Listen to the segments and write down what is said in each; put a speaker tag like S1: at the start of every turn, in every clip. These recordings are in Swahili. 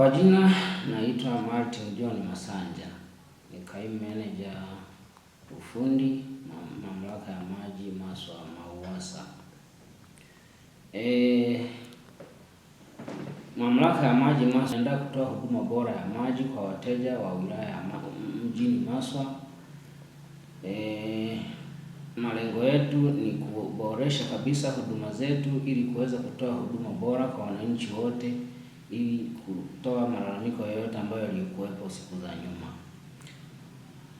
S1: Kwa jina naitwa Martin John Masanja, ni kaimu ufundi na mamlaka ya maji Maswa MAUWASA. E, mamlaka ya maji Maswa inaenda kutoa huduma bora ya maji kwa wateja wa wilaya ya mjini Maswa. E, malengo yetu ni kuboresha kabisa huduma zetu ili kuweza kutoa huduma bora kwa wananchi wote ili kutoa malalamiko yoyote ambayo yalikuwepo siku za nyuma.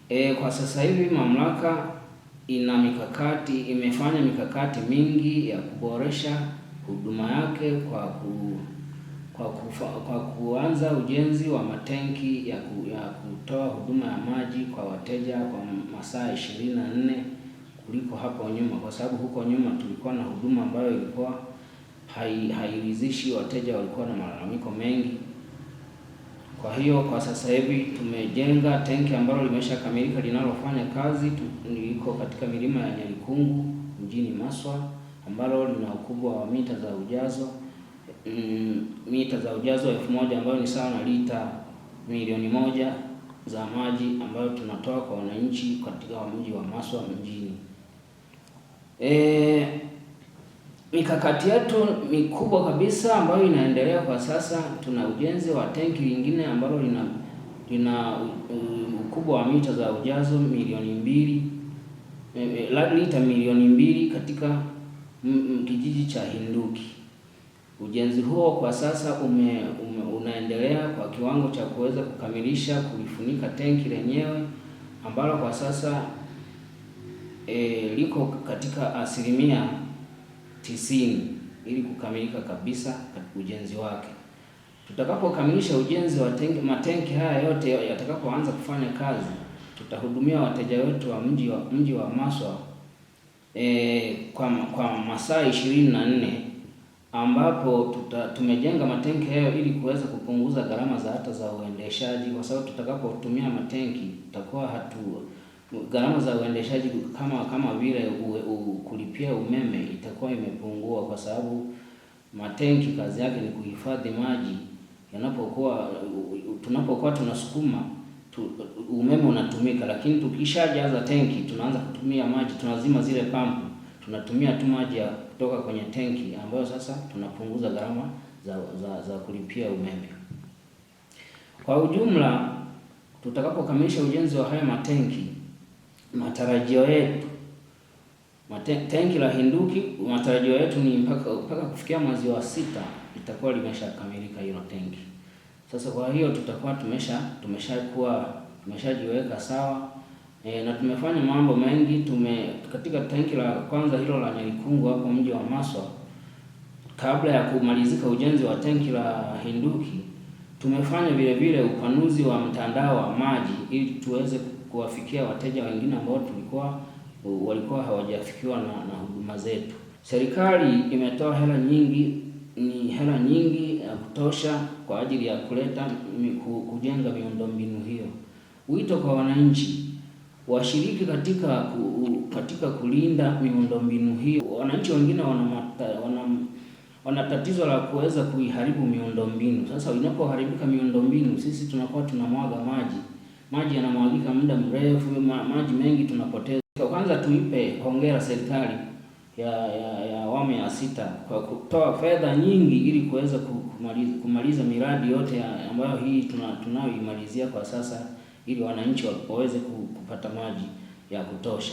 S1: E, kwa sasa hivi mamlaka ina mikakati, imefanya mikakati mingi ya kuboresha huduma yake kwa ku, kwa, kufa, kwa kuanza ujenzi wa matenki ya, ku, ya kutoa huduma ya maji kwa wateja kwa masaa ishirini na nne kuliko hapo nyuma, kwa sababu huko nyuma tulikuwa na huduma ambayo ilikuwa hairidhishi hai, wateja walikuwa na malalamiko mengi. Kwa hiyo kwa sasa hivi tumejenga tenki ambalo limeshakamilika linalofanya kazi, liko katika milima ya Nyalikungu mjini Maswa ambalo lina ukubwa wa mita za ujazo mm, mita za ujazo elfu moja ambayo ni sawa na lita milioni moja za maji ambayo tunatoa kwa wananchi katika mji wa Maswa mjini e, Mikakati yetu mikubwa kabisa ambayo inaendelea kwa sasa, tuna ujenzi wa tenki lingine ambalo lina lina uh, ukubwa wa mita za ujazo milioni mbili eh, eh, lita milioni mbili katika mm, mm, kijiji cha Hinduki. Ujenzi huo kwa sasa ume, ume, unaendelea kwa kiwango cha kuweza kukamilisha kulifunika tenki lenyewe ambalo kwa sasa e, liko katika asilimia tisini ili kukamilika kabisa katika ujenzi wake. Tutakapokamilisha ujenzi wa tenki, matenki haya yote yatakapoanza kufanya kazi, tutahudumia wateja wetu wa mji wa mji wa Maswa e, kwa, kwa masaa ishirini na nne ambapo tuta, tumejenga matenki hayo ili kuweza kupunguza gharama za hata za uendeshaji, kwa sababu tutakapotumia matenki tutakuwa hatua gharama za uendeshaji kama kama vile kulipia umeme itakuwa imepungua, kwa sababu matenki kazi yake ni kuhifadhi maji yanapokuwa tunapokuwa tunasukuma tu, umeme unatumika, lakini tukishajaza tenki tunaanza kutumia maji, tunazima zile pampu, tunatumia tu maji ya kutoka kwenye tenki, ambayo sasa tunapunguza gharama za, za, za kulipia umeme. Kwa ujumla tutakapokamilisha ujenzi wa haya matenki matarajio yetu tenki la Hinduki, matarajio yetu ni mpaka mpaka kufikia mwezi wa sita litakuwa limeshakamilika hilo tenki. Sasa kwa hiyo tutakuwa tumesha tumeshakuwa tumeshajiweka sawa e, na tumefanya mambo mengi tume, katika tenki la kwanza hilo la Nyalikungu hapo mji wa Maswa, kabla ya kumalizika ujenzi wa tenki la Hinduki tumefanya vile vile upanuzi wa mtandao wa maji ili tuweze kuwafikia wateja wengine ambao tulikuwa walikuwa hawajafikiwa na, na huduma zetu. Serikali imetoa hela nyingi, ni hela nyingi ya kutosha kwa ajili ya kuleta kujenga miundombinu hiyo. Wito kwa wananchi washiriki katika katika kulinda miundombinu hiyo. Wananchi wengine wana wana tatizo la kuweza kuiharibu miundombinu. Sasa inapoharibika miundombinu, sisi tunakuwa tunamwaga maji maji yanamwagika muda mrefu, ma, maji mengi tunapoteza. Kwanza tuipe hongera serikali ya ya ya awamu ya sita kwa kutoa fedha nyingi ili kuweza kumaliza, kumaliza miradi yote ambayo hii tunayoimalizia kwa sasa ili wananchi waweze kupata maji ya kutosha.